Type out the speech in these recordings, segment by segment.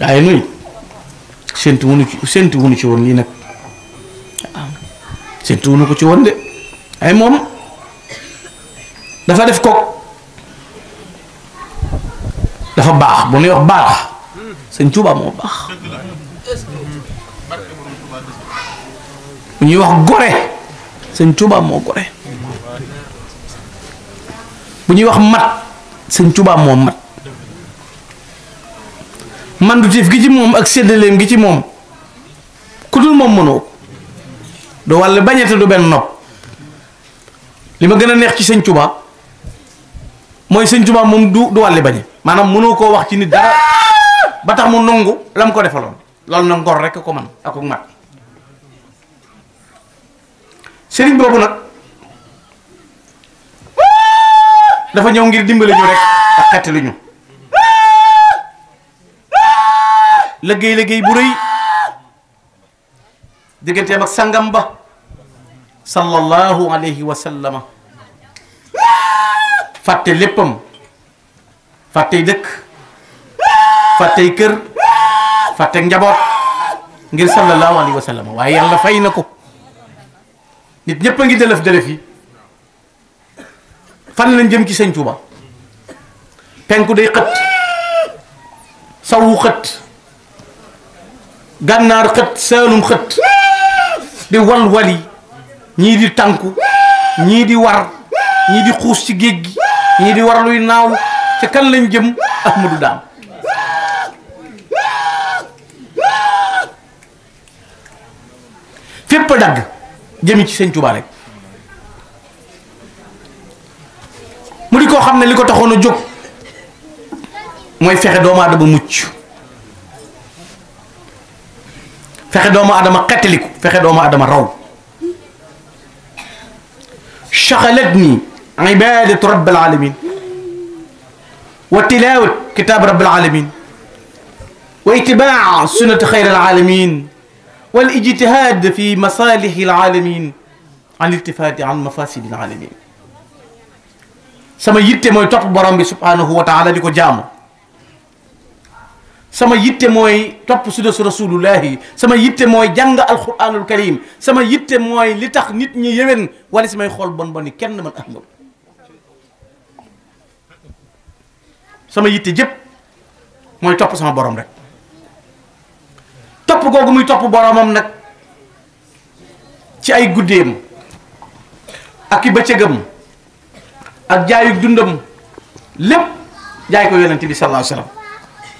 waaye nuy séntu wuñu ci séntu wuñu ci woon lii nag waaw ah. séntu ko ci woon de ay moom dafa def kook dafa baax bu ñuy wax baax sëñ Tuubaa moo baax bu ñuy wax gore sëñ Tuubaa moo gore bu ñuy wax mat sëñ Tuubaa moo mat manduteef gi ci moom ak séddaleem gi ci moom ku dul moom mënoo ko du wàll bañete du benn nopp li ma gën a neex ci sëñ Tuba mooy sëñ Tuba moom du du wàlli bañe maanaam mënoo koo wax ci nit dara ba tax mu nongu la mu ko defaloon loolu na ngor rekk ko man ak mag sëriñ boobu nag dafa ñëw ngir dimbali ñu rek ak xettali ñu liggéey liggéey bu rëy digganteem ak sangam ba sallallahu alayhi wa sallama fàtte léppam fàttey dëkk fàttey kër fàtte njaboot ngir sallallahu alayhi wa sallama waaye yàlla fay na ko nit ñëpp a ngi dëlëf dëlëf yi fan lañ jëm ci sëñ Tuuba penku day xët sawu xët gànnaar xët saalum xët di walwali ñii di tànku ñii di war ñii di xuus ci géej gi ñii di war naaw ca kan lañ jëm ahmadu daam fépp a dagg jëmi ci sëñ Tuubaa mu di koo xam ne li ko taxoon a jóg mooy fexe doomu aadama mucc fexe doomu adama xettaliku fexe doomu adama raw chaxalat ni ibadatu rabbil alamin wa tilawat kitab rabbil alamin wa itibaa sunnati xayr alalamin wal ijtihad fi masalihi alalamin an iltifati an mafasidi alalamin sama yitte mooy topp borom bi subhanahu wa taala di ko jaamu sama yitte mooy topp su sunnatu rasulullahi sama yitte mooy jàng alquranul karim sama yitte mooy li tax nit ñi yéwén wala si may xool bon bon ni kenn man ahmadu sama yitte jëpp mooy topp sama boroom rek topp googu muy topp boromam nag ci ay guddeem ak i bëccëgam ak jaayug dundam lépp jaay ko yonente bi sallallahu alayhi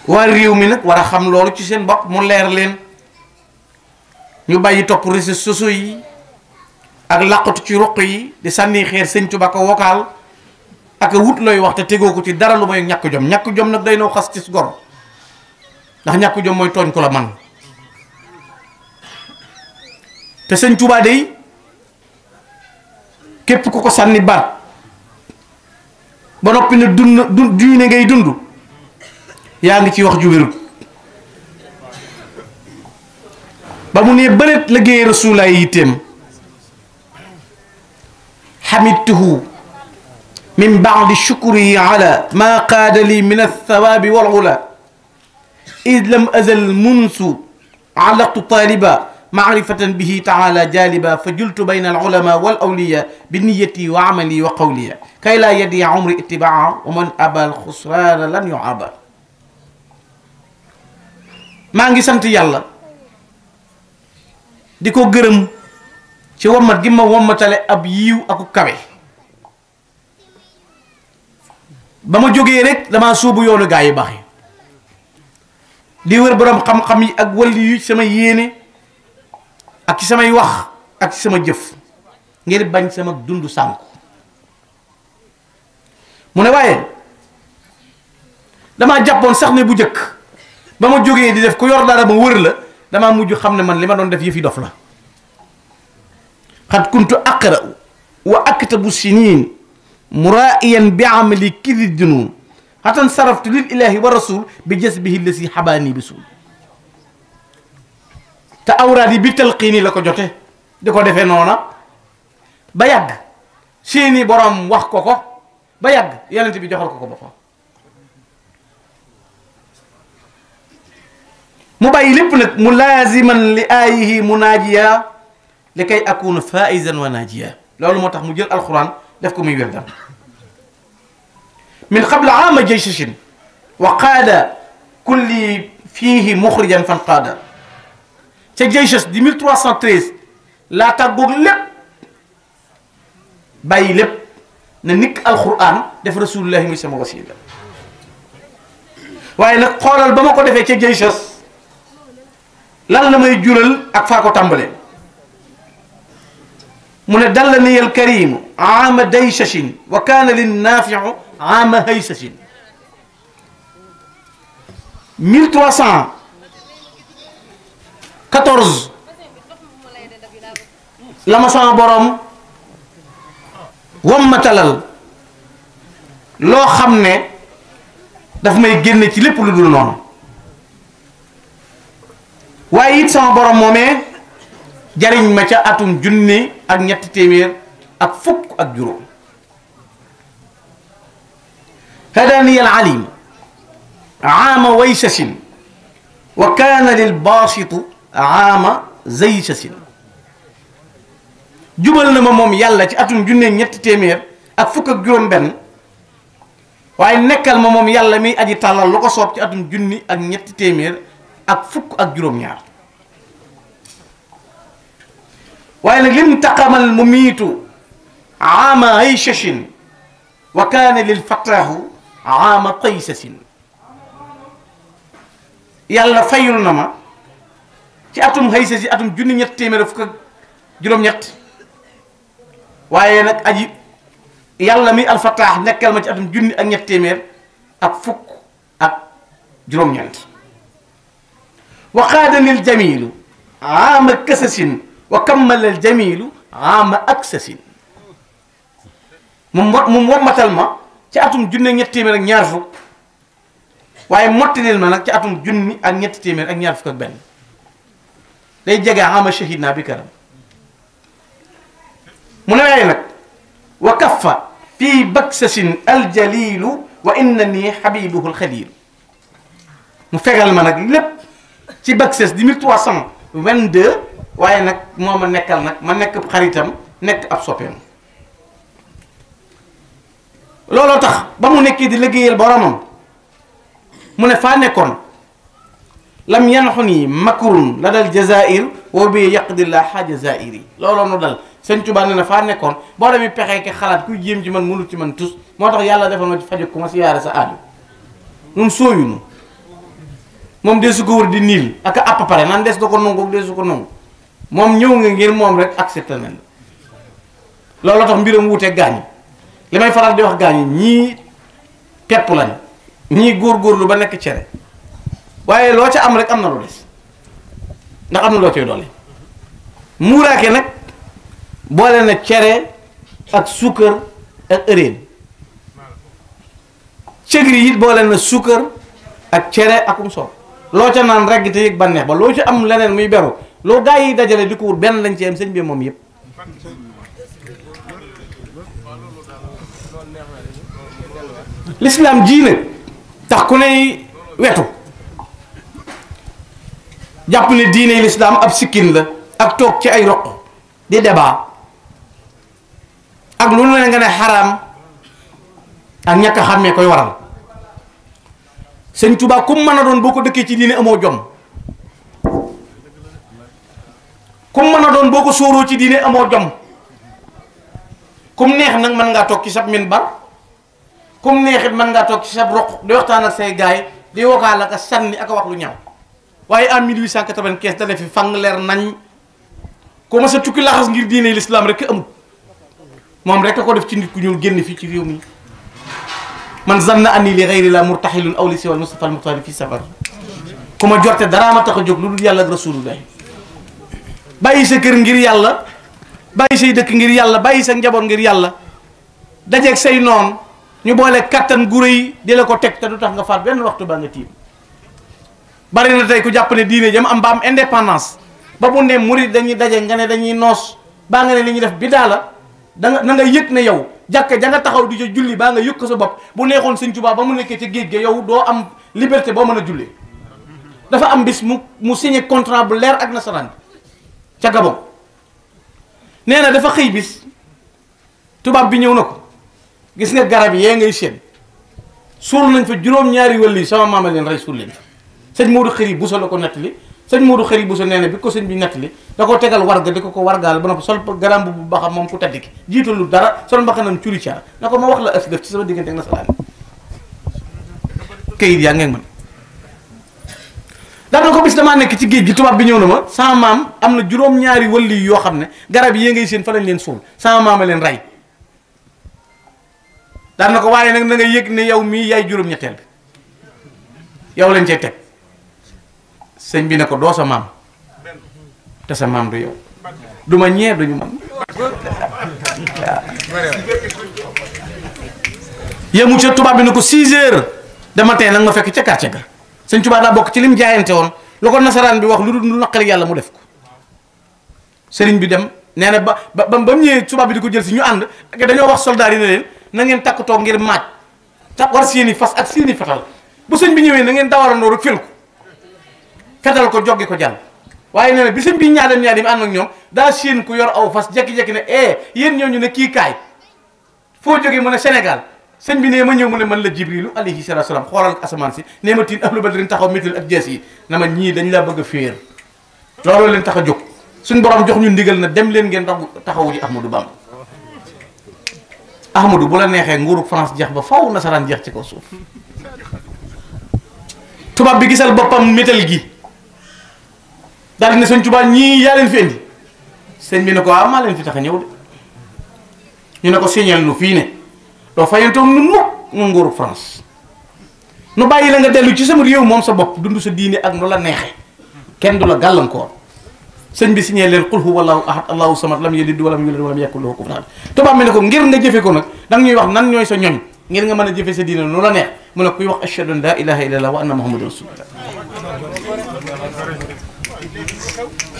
waa réew mi nag war a xam loolu ci seen bopp mu leer leen ñu bàyyi topp réseaux sociaux yi ak làqatu ci ruq yi di sànni xeer sëñ Tuba ko wokaal ak wut looy wax te tegoo ko ci dara lu mooy ñàkk jom ñàkk jom nag day noo xas ci gor ndax ñàkk jom mooy tooñ ko la man te sëñ Tuba day képp ku ko sànni baat ba noppi ne dund du diine ngay dund yaa ngi ci wax ju wérut ba mu ne bëreet liggéey rasulaay yitteem xamidtuhu min baadi shukrihi ala ma qaada li min althawaabi walula id lam azal munsu علقت طالبا معرفة به تعالى جالبا فجلت بين العلماء والأولياء بنيتي وعملي وقولي كي لا يدي عمري اتباعا ومن أبى الخسران لن يعابى maa ngi sant yàlla di ko gërëm ci wommat gi ma wommatale ab yiiw aku kawe ba ma jógee rek damaa suubu yoonu gaa yi baax di wër borom xam-xam yi ak wàll yu sama yéene ak samay wax ak sama jëf ngir bañ sama dund sànku mu ne waaye damaa jàppoon sax ne bu jëkk ba ma jógee di def ku yor dara ma wër la damaa mujj xam ne man li ma doon def yëfi dof la xat kuntu aqra wa aktabu sinin muraa'iyan bi amali kidi junun xatan saraftu lil ilahi wa rasul bi jasbihi lasi xabaani bi suul te awraad yi bi talqiini la ko jote di ko defee noona ba yàgg seeni borom wax ko ko ba yàgg yonent bi joxal ko ko boppam mu bàyyi lépp nag mu laaziman li aayihi mu naajiya li kay akuna faizan wa naajiya loolu moo tax mu jël alxuraan def ko muy werdam min qabla aama jayshin wa qaada kulli fiihi muxrijan fan qaada ca jaysh di 1313 laa tàggoog lépp bàyyi lépp na nikk alxuraan def rasulullahi muy sama wasila waaye nag xoolal ba ma ko defee ca jaysh lan la may jural ak faa ko mu ne dalla ni al karimu aama daysashin wa kaana linnaafiu aama haysashin la ma sama boroom wammatalal loo xam ne daf may génne ci lépp lu dul noonu waaye it sama borom moomee jariñ ma ca atum junni ak ñetti téeméer ak fukk ak juróom hadani al alim aama waysasin wa kaana lil baasitu aama zaysasin jubal na ma moom yàlla ci atum junne ñetti téeméer ak fukk ak juróom benn waaye nekkal ma moom yàlla mi aji tàllal lu ko soob ci atum junni ak ñetti téeméer ak fukk ak juróom-ñaar waaye nag lim taqamal mu miitu aama aysashin wa kaane lil fataahu aama taysasin yàlla fayul na ma ci atum haysa si atum junni ñett téeméer fukk ak juróom-ñett waaye nag aji yàlla mi alfataax nekkal ma ci atum junni ak ñett téeméer ak fukk ak juróom-ñeent wa xaadani aljamilu aama kasasin wa kammala aljamilu aama aksasin mu mot mu wommatal ma ci atum junne ñetti téeméer ak ñaar fukk waaye mottalil ma nag ci atum junni ak ñetti téeméer ak ñaar fukk ak benn day jege aama shahid naa bi karam mu ne waaye nag wa kaffa fii baksasin aljalilu wa inna nii xabibuhu alxalilu mu fegal ma nag lépp ci bac ses di mille trois cent vingt deux waaye nag moo ma nekkal nag ma nekk xaritam nekk ab soppeem looloo tax ba mu nekkee di liggéeyal boromam mu ne faa nekkoon lam yanxu nii makurun la dal jazair woo bi laa ha jazair yi looloo nu dal sëñ Tuubaa ne na faa nekkoon boo demee pexee ke xalaat kuy jéem ci man mënul ci man tus moo tax yàlla defal ma ci faju ku ma si yaare sa aaju nun sooyunu moom de su ko wër di niil ak àpp pare nan des da ko nangu de su ko nangu moom ñëw nga ngeen moom rek accepté nañ la loolu tax mbiram wuute gaañ li may faral di wax gaañ ñii pepp lañ ñii góorgóorlu ba nekk cere waaye loo ca am rek am na lu des ndax am na loo cay doole muuraake nag boole na cere ak suukar ak ëreen cëgri it boole na suukar ak cere akum soow loo ca naan ragg te yëg bànneex ba loo ci am leneen muy beru loo gaa yi dajale di ko wut benn lañ ci am sëñ bi moom yëpp lislaam jii nag tax ku ney wetu jàpp ne diine lislaam ab sikkin la ak toog ci ay roq di débat ak lu ne nga ne xaraam ak ñàkk a koy waral sëñ Touba ku mën a doon boo ko dëkkee ci diine amoo jom ku mën a doon boo ko sóoroo ci diine amoo jom kum neex nag mën ngaa toog ci sab minbar kum neexit mën ngaa toog ci sab roq di waxtaan ak say gaay di wakaal ak sànni ak wax lu ñaaw waaye en 1895 dana fi fan leer nañ ku ma sa tukki laxas ngir diine l'islam rek amut moom rekk a ko def ci nit ku ñuul génn fii ci réew mi. man zanna anni li ghayri la murtaxilun aw li siwal Mustafa al-Muxtaari fi safar ku ma jorte daraa ma tax a jóg lu dul yàlla ak rasulullah bàyyi sa kër ngir yàlla bàyyi say dëkk ngir yàlla bàyyi sa njaboot ngir yàlla dajeeg say noon ñu boole kattan gu rëy di la ko teg te du tax nga faat benn waxtu baa nga tiim bari na tey ku jàpp ne diine jëm am ba am indépendance ba mu ne murid dañuy daje nga ne dañuy noos baa nga ne li ñuy def bidaa la da nga na nga yëg ne yow jàkka ja nga taxaw di ca julli baa nga yëg sa bopp bu neexoon sëñ Tuubaa ba mu nekkee ca géej ga yow doo am liberté boo mën a jullee dafa am bis mu mu signé contrat bu leer ak nasaraan ca Gabon nee na dafa xëy bis tubaab bi ñëw na ko gis nga garab yee ngay seen suul nañ fa juróom-ñaari wëll yi sama maama leen rey suul leen fa sëñ Modou Xëri bu sa la ko li sëñ Modou Xëri Bousso nee na bi ko sëñ bi nettali da ko tegal warga di ko ko wargaal ba noppi sol garam bu baxam moom ku tedd ki jiitalu dara sol mbaxanam curi caar na ko ma wax la as def ci sama diggante ak nasaraan kayit yaa ngeen mën daana ko bis damaa nekk ci géej gi tubaab bi ñëw na ma sama maam am na juróom-ñaari wëlli yoo xam ne garab yi ngay seen fa leen suul sama maam a leen rey daan na ko waaye nag na nga yëg ne yow mii yaay juróom yow lañ cay sëñ bi ne ko doo sa maam te sa maam du yow du ma ñee duñu maam yemu ca tubaab bi ne ko 6 heures de matin nag ma fekk ca quartier sëñ tubaab daa bokk ci lim jaayante woon lu ko nasaraan bi wax lu dul naqari yàlla mu def ko sëriñ bi dem nee na ba ba ba mu ñëwee tubaab bi di ko jël si ñu ànd dañoo wax soldaar yi ne leen na ngeen takk toog ngir maaj ta war seeni fas ak seeni fatal bu sëñ bi ñëwee na ngeen dawalandoo rek fil ko fetal ko joggi ko jàll waaye nee na bi sëñ bi ñaadam ñaadim ànd ak ñoom daa séen ku yor aw fas jekki-jekki ne eh yéen ñooñu ne kii kaay foo jógee mu ne Sénégal sëñ bi nee ma ñëw mu ne man la jibrilu alayhi salatu salaam xoolal asamaan si nee ma tiin ahlu badrin taxaw méttal ak jees yi na ma ñii dañ laa bëgg a féer looloo leen tax a jóg suñ borom jox ñu ndigal na dem leen ngeen taxawu ji Ahmadou Bamba Ahmadou bu la neexee nguuru France jeex ba faw nasaraan jeex ci kaw suuf tubaab bi gisal boppam métal gi daal ne sëñ Tuubaa ñii yaa leen fi indi sëñ bi ne ko ah maa leen fi tax a ñëw de ñu ne ko signal nu fii ne doo fayantoog nu mukk nu nguuru France nu bàyyi la nga dellu ci sama réew moom sa bopp dundu sa diine ak nu la neexe kenn du la gàllankoor sëñ bi signé leen qul huwa allahu ahad allahu samad lam yalid walam yulad walam yakul lahu kufuwan ahad tubaab mi ne ko ngir nga jëfe ko nag da ñuy wax nan ñooy sa ñoñ ngir nga mën a jëfe sa diine nu la neex mu ne la ilaha wa anna muhammadan rasulullah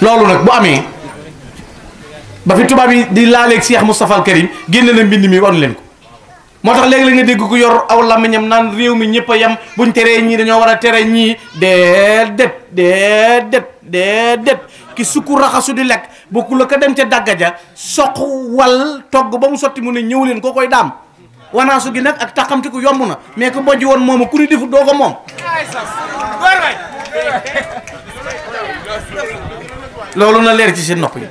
loolu nag bu amee ba fi tubaab yi di laaleeg Cheikh Moustapha al Karim génne na mbind mi wan leen ko moo tax léegi la nga dégg ko yor aw làmmiñam naan réew mi ñëpp a bu buñ teree ñii dañoo war a tere ñii déedéet déedéet déedéet ki sukku raxasu di lekk bokku la ko dem ca dàgga ja soq wal togg ba mu sotti mu ne ñëw leen koo koy daam wanaasu gi nag ak taxamtiku yomb na mais ku bojj woon mooma ku ni defu doo ko moom loolu na leer ci seen nopp yi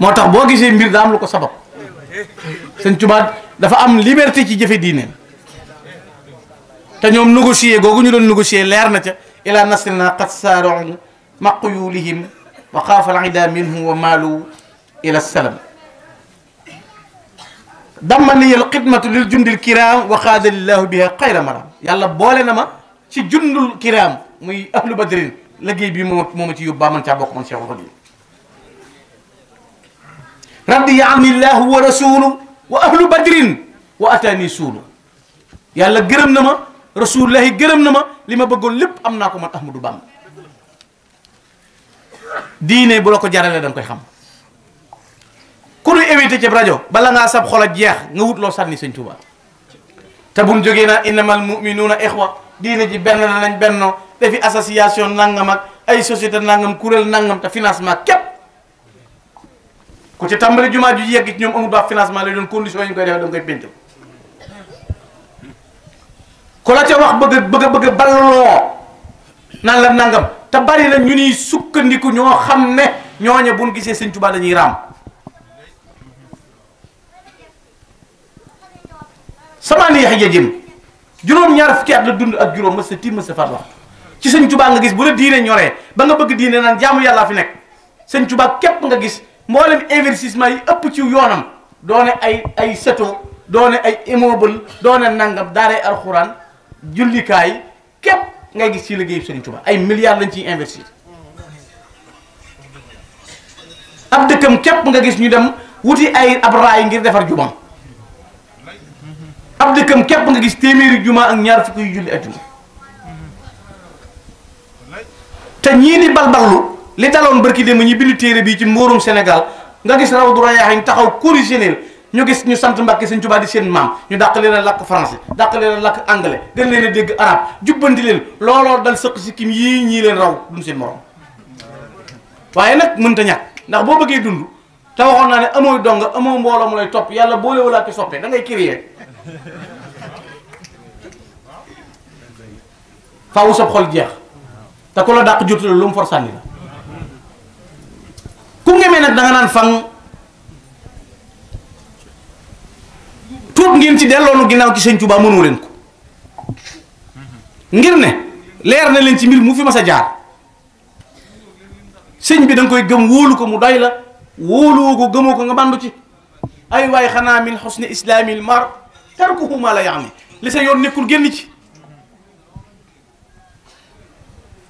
moo tax boo gisee mbir daa am lu ko sabab sëñ Tuubaa dafa am liberté ci jëfe diine te ñoom négocier googu ñu doon négocier leer na ca ila nasrina qad saara'u maqyulihim wa xaafa al-ida minhu wa maalu ila salam damma li al xidmatu lil jundil kiram wa xaadalillahu biha xayra maram yàlla boole na ma ci jundul kiram muy ahlu badrin liggéey bii moo moo ma ci yóbbu baa man caa bokk man Cheikhul Khadim radiya anillahu wa rasulu wa ahlu badrin wa atani suulu yàlla gërëm na ma rasulullahi gërëm na ma li ma bëggoon lépp am naa ko man Ahmadou Bamba diine bu la ko jaralee da koy xam ku nu évité ci rajo bala ngaa sab xol jeex nga wut loo sànni sëñ Tuuba te bu mu jógee naa innamal muminuuna ixwa diine ji benn la nañ bennoo te fi association nangam ak ay société nangam kuréel nangam te financement képp ku ci tàmbali jumaa ju yegg ci ñoom amul baax financement lay doon condition yi ñu koy defee da nga koy péntal ku bëgg a bëgg a nan la nangam te bari na ñu ni sukkandiku ñoo xam ne ñooña bu ñu gisee sëñ Tuubaa dañuy raam samaani yax jajëm juróom-ñaar fukki at la dund ak juróom ma tiim ma faat waxtu ci sëñ Tuubaa nga gis bu la diine ñoree ba nga bëgg diine naan jaamu yàllaa fi nekk sëñ Tuubaa képp nga gis mboolem investissement yi ëpp ci yoonam doone ay ay seto doone ay immeuble doone nangam daaray alxuraan jullikaay képp ngay gis ci liggéeyu sëñ Tuubaa ay milliards lañ ci investir ab dëkkam képp nga gis ñu dem wuti ay ab raay ngir defar jubam ab dëkkam képp nga gis téeméeri juma ak ñaar fukki julli ajuma te ñii di balballu li daloon barki démb ñi bindu téere bii ci mbóorum Sénégal nga gis raw du rayaax ñu taxaw corrigé leen ñu gis ñu sant Mbàkke Sëñ Tuubaa di seen maam ñu dàq leen a làkk français dàq leen a làkk anglais gën leen a dégg arab jubbanti leen looloo dal sëq si kim yii ñii leen raw duñ seen morom waaye nag mënta ñàkk ndax boo bëggee dund te waxoon naa ne amoo donga amoo mbooloo mu lay topp yàlla boole wala ki soppee da ngay créer faaw sa xol jeex te ku la dàq jotul lu mu for sànni la ku ngemee nag da nga naan fan tuub ngeen ci delloonu ginnaaw ci sëñ baa mënu leen ko ngir ne leer na leen ci mbir mu fi mas a jaar sëñ bi da koy gëm wóolu ko mu doy la wóoluwoo ko gëmoo ko nga bandu ci ay waay xanaa min xusni islaamil mar tarkuhu ma la yaani li sa yoon nekkul génn ci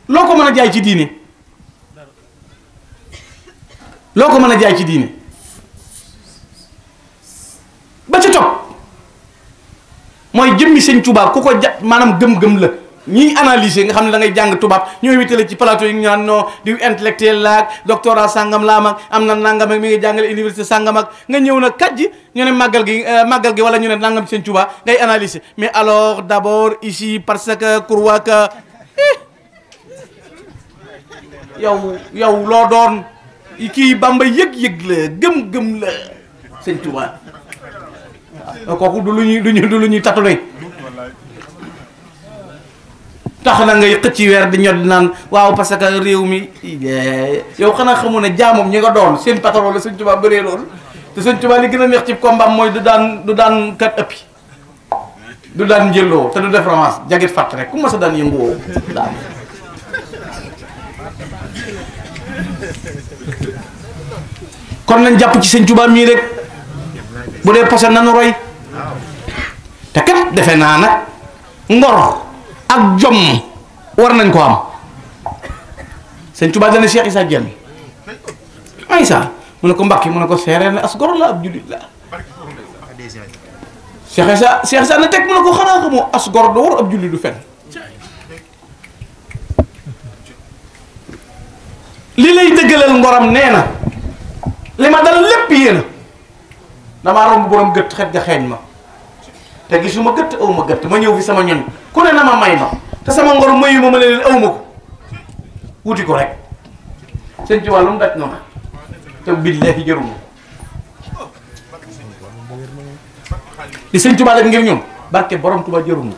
loo ko mën a jaay ci diine loo ko mën a jaay ci ba ci topp mooy jëmmi sëñ tubaab ku ko ja maanaam gëm-gëm la ñiy analyser nga xam ne dangay ngay jàng tubaab ñooy witale ci plateau yi ñu naan non diw la ak doctorat sangam laa am na nangam ak mi ngi jàngale université sangam ak nga ñëw na kat ji ñu ne màggal gi euh, màggal gi wala ñu ne nangam sëñ tubaab ngay analyser mais alors d'abord ici parce que croire que eh, yow yow loo doon kii bàmba yëg-yëg la gëm-gëm la sëñ Tuubaa waaw du lu ñuy du ñu lu ñuy tatune tax na ngay ci weer di ñod naan waaw parce que réew mi yow xanaa xamu ne jaamoom ñi nga doon seen patron la sëñ Tuubaa bëree loolu te sëñ Tuubaa li gën a neex ci combat mooy du daan du daan kat ëppi du daan njëlloo te du def romance jagit fàtt rek ku ma sa daan yëngu woo daan kon nañ jàpp ci sëñ Tuubaa mii rek bu dee posé nanu roy te kat defe naa nag ngor ak jom war nañ ko am sëñ Tuubaa dana Cheikh Issa Diène ay sa mu ne ko mbakki mu ne ko seeree na as gor la ab jullit la Cheikh Issa Cheikh na teg mu ne ko xanaa xamoo as gor du war ab jullit du fen li lay dëggalal ngoram nee na li ma dal lépp yéen damaa romb borom gëtt xet ga xeeñ ma te gisuma gëtt aw ma gëtt ma ñëw fi sama ñun ku ne na ma may ma te sama ngor mayu ma leen aw ma ko wuti ko rek seen ci wàllum daj noonu te billahi jëruma li sëñ Tuba def ngir ñoom barke borom Tuba jëruma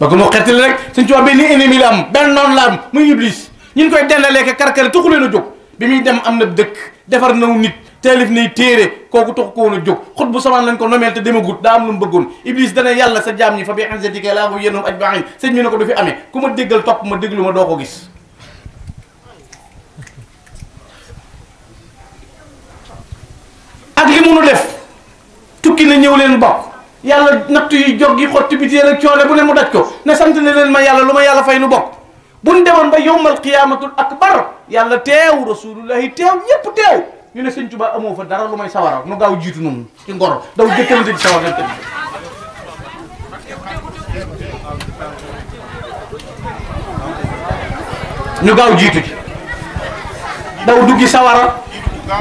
ba ko moo xettali rek sëñ Tuba benn ennemi la am benn noonu la am muy iblis ñun koy dendaleeke karkari tuxu leen a jóg bi muy dem am na dëkk defar naw nit taalif nay téere kooku tax ko woon a jóg xut bu samaan lañ ko nomeel te demagut daa am lu mu bëggoon iblis dana yàlla sa jaam ñi fa bi anzatika laa bu yennum ajmain sëñ ne ko du fi amee ku ma déggal topp ma déglu ma doo ko gis ak li munu tukki na ñëw leen bokk yàlla nattu yi jog yi xotti bi téere ak coole bu ne mu daj ko ne sant ne leen ma yàlla lu ma yàlla fay nu bokk buñ demoon ba yowmal qiyaamatul akbar yàlla teew rasulullahi teew ñëpp teew ñu ne sëñ Tuba amoo fa dara lu may sawara nu gaaw jiitu noonu ci ngoro daw jëkkante di sawar dem ñu jiitu ci daw duggi sawara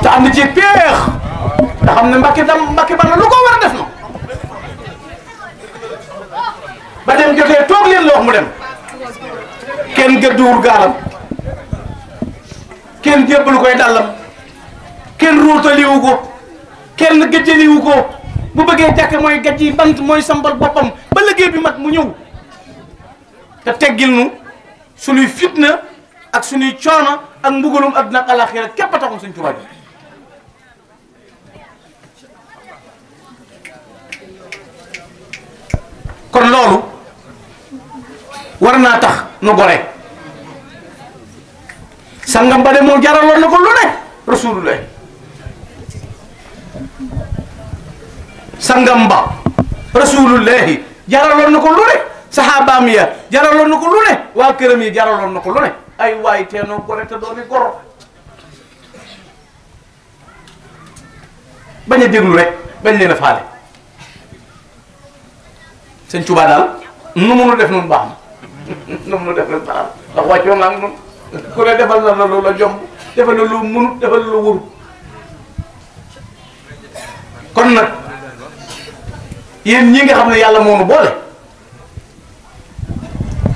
te am na ci péex nga xam ne mbakki dam mbakki bana lu ko war a def ba dem jotee toog leen loox mu dem kenn gëdduwul gaalam kenn jébbalu koy dàllam kenn ruutaliwu ko kenn gëjjaliwu ko bu bëggee jàkk mooy gaj yi bant mooy sambal boppam ba liggéey bi mag mu ñëw te teggil nu suñuy fitna ak suñuy coono ak mbugalum adduna ak alaxira képp a taxoon suñ tubaab bi kon loolu war naa tax nu gore sangam ba de moom jaraloon na ko lu ne rasulullah sangam ba rasulullahi jaraloon na ko lu ne saxaabaam ya jaraloon na ko lu ne waa këram yi na ko lu ne ay waay teenoo gore te dooni gor bañ a déglu rek bañ leen a faale sëñ Tuubaa daal nu def noonu baax na nu munu def noonu baax na ndax wàccoon naa ku defal na la lu la jomb defal na lu kon nag yéen ñi nga xam ne yàlla moo nu boole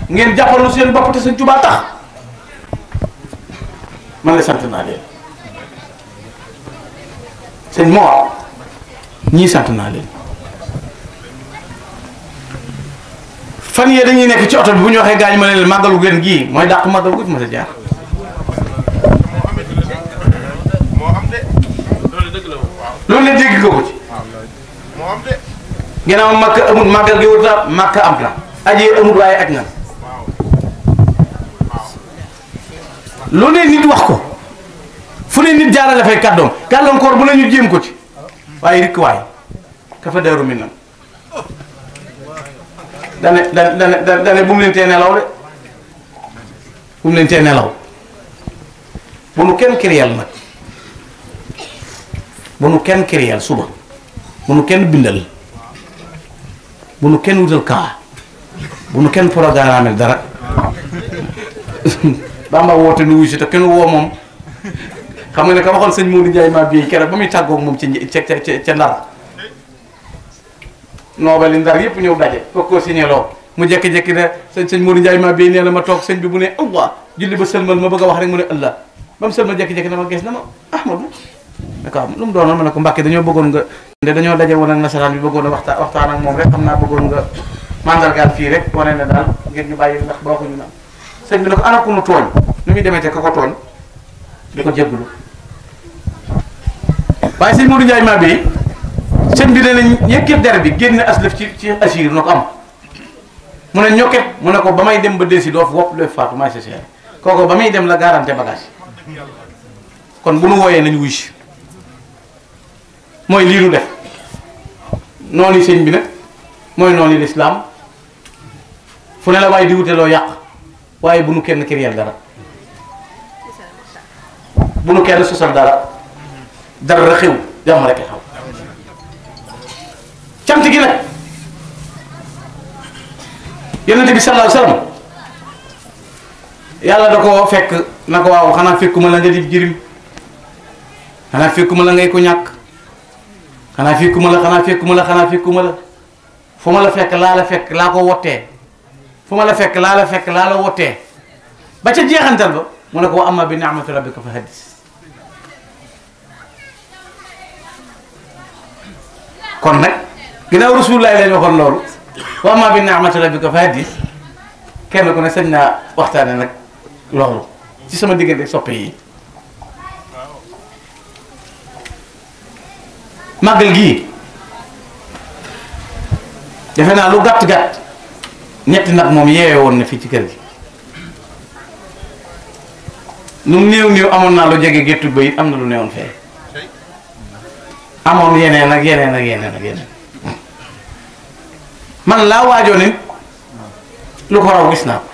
ngeen jàppalu seen bopp te seen Tuubaa ma man sant naa leen sëñ Mor ñii sant naa leen fan yee dañuy nekk ci oto bi bu ñu waxee gaañ ma ne leen màggalu gën gii mooy dàq ma sa loolu la dégg nga ko ci ginnaaw màkk amul màggal gi wut la màkk am la aji amul waaye aj na lu ne nit wax ko fu ne nit jaarale fay kàddoom gàllankoor bu ne ñu jéem ko ci waaye rikk waay ka fa deeru mi dane dane dane leen tee nelaw de bu mu leen tee nelaw bu nu kenn kiriyal nag bu nu kenn kiriyal suba bu nu kenn bindal bu nu kenn wutal kaa bu nu kenn programme dara Bamba woote nu wuyu te kenn woo moom xam nga ne ka waxoon sëñ Modou Ndiaye maa bii keroog ba muy tàggoog moom ci ca ca ca Ndar noobali ndar yëpp ñëw daje kooku ko signéloo mu jékki-jékki ne sëñ sëñ Modou Ndiaye maa bii nee na ma toog sëñ bi mu ne allah julli ba sëlmal ma bëgg a wax rek mu ne allah ba mu sëlmal jékki-jékki na ma na ma ahmadu ne ah, ma ne ko mbàkke dañoo bëggoon nga de dañoo daje woon ak nasaraan bi bëggoon a waxtaan waxtaan ko ñu naan sëñ bi ne ko ana ku nu tooñ nu muy demee ko ko tooñ di ko jégalu waaye sëñ Modou Ndiaye maa bii sëñ bi danañ yëkkat der bi génn aslëf ci ci asir na ko am mu ne ñokket mu ne ko ba may dem ba desi doo wopp def faatu maay sa seere kooku ba muy dem la garanté bagage kon bu nu wooyee nañu wuy si mooy lii nu def noonu sëñ bi nag mooy noonu lislaam fu ne la waaye di wute loo yàq waaye bu nu kenn kiriyeel dara bu nu kenn sosal dara dara xew jàmm rek cant gi nag yonent bi sallallahu alayhi yàlla da ko fekk na ko waaw xanaa fekkuma la nga di jirim xanaa fekkuma la ngay ko ñàkk xanaa fekkuma la xanaa fekkuma la xanaa fekkuma la fu ma la fekk laa la fekk laa ko wottee fu ma la fekk laa fekk laa la wottee ba ca jeexantal ba mu ne ko wa amma bi ni'mati fa haddis kon nag ginnaaw rasulullahi lañ waxoon loolu wa ma bi ni'mati fa haddis kenn ku ne sañ naa waxtaane nag loolu ci sama diggante soppe yi màggal gii defe naa lu gàtt-gàtt ñetti nag moom yeewe woon na fii ci kër gi nu mu néew néew amoon naa lu jege géttu ba am na lu neewoon fee amoon yeneen ak yeneen ak yeneen ak yeneen man laa waajoo ne lu ko raw gis naa ko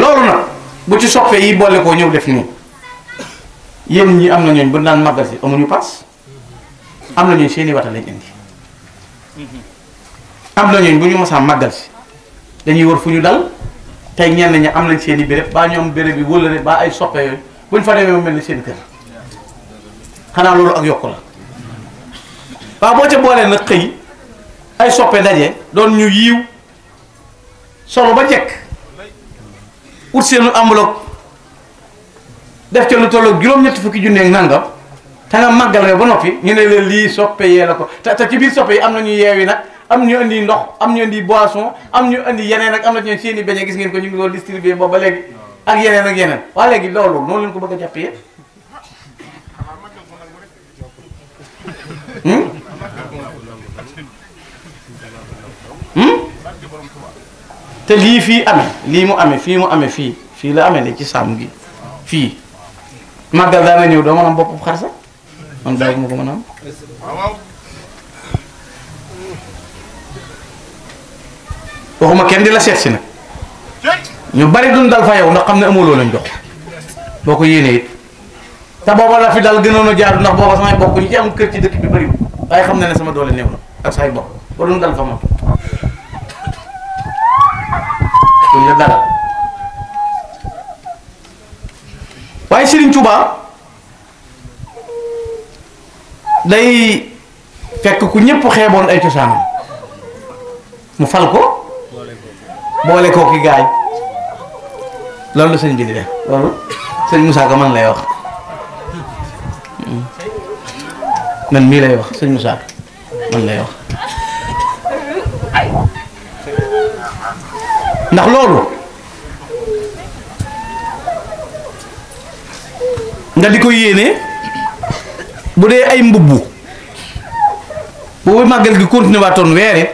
loolu nag bu ci soppee yi boole koo ñëw def nii yéen ñi am na ñooñ bu daan màggal si amuñu am na ñooñ seeni wata lañ indi am na ñooñ bu ñu mosaan màggal si dañuy war fu ñu dal tey ñenn ñi am nañ seeni béréb baa ñoom béréb yi wëllëre baa ay soppe yooyu buñ fa demee mu mel ni seen kër xanaa loolu ak yokku la waaw boo ca boolee nag xëy ay soppe daje doon ñu yiiw solo ba jekk ut seenu enveloppe def ca lu tolloog juróom-ñetti fukki junne ak nangam te nga màggal rek ba noppi ñu ne leen lii soppe yee la ko te te ci biir soppee yi am na ñu yeewi nag am ñu indi ndox am ñu indi boisson am ñu indi yeneen ak am na ñooñu seeni beñe gis ngeen ko ñu ngi doon distribué boobu ba ak yeneen ak yeneen waa léegi loolu noonu leen ko bëgg a jàppee Hmm? te lii fii amee lii mu amee fii mu amee fii fii la amee ni ci sàmm gi fii màggal daana ñëw doo mën am bopp xar sax man ma kenn di la seet si nag ñu bari duñ dal fa yow ndax xam ne amuloo lañ jox boo ko yéenee it te booba la fi dal gënoon a jaadu ndax booba samay bokk ñu ci am kër ci dëkk bi bëriwul waaye xam na ne sama doole néew la ak say bokk ba duñ fa moom loolu yëpp dara waaye Serigne day fekk ku ñëpp xeeboon ay cosaanam mu fal ko boole koo ki gaay loolu la sëñ bi di def loolu sëñ Moussa man lay wax hmm. man mii lay wax sëñ Moussa man lay wax ndax loolu nga di ko yéene bu dee ay mbubb boobu màggal gi continué waatoon weere